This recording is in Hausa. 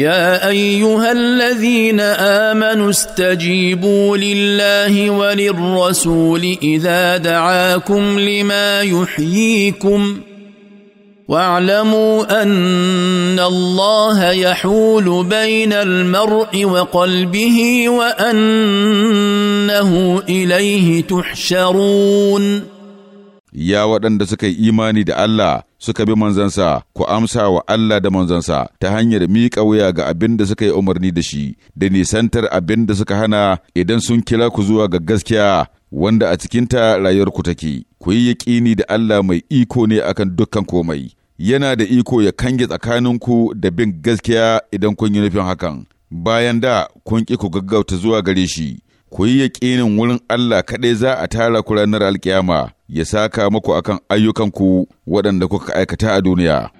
يا ايها الذين امنوا استجيبوا لله وللرسول اذا دعاكم لما يحييكم واعلموا ان الله يحول بين المرء وقلبه وانه اليه تحشرون يا waɗanda suka ايماني الله suka bi manzansa ku amsa wa Allah da manzansa ta hanyar miƙa wuya ga abin da suka yi umarni da shi da nisantar abin da suka hana idan sun kira ku zuwa ga gaskiya wanda a cikinta rayuwarku take ku yi yaƙini da Allah mai iko ne akan dukkan komai yana da iko ya kange tsakaninku da bin gaskiya idan kun yi nufin hakan bayan da kun ki ku gaggauta zuwa gare shi ku yi yaƙinin wurin Allah kaɗai za a tara ku ranar alkiyama ya saka muku akan ayyukanku waɗanda kuka aikata a duniya.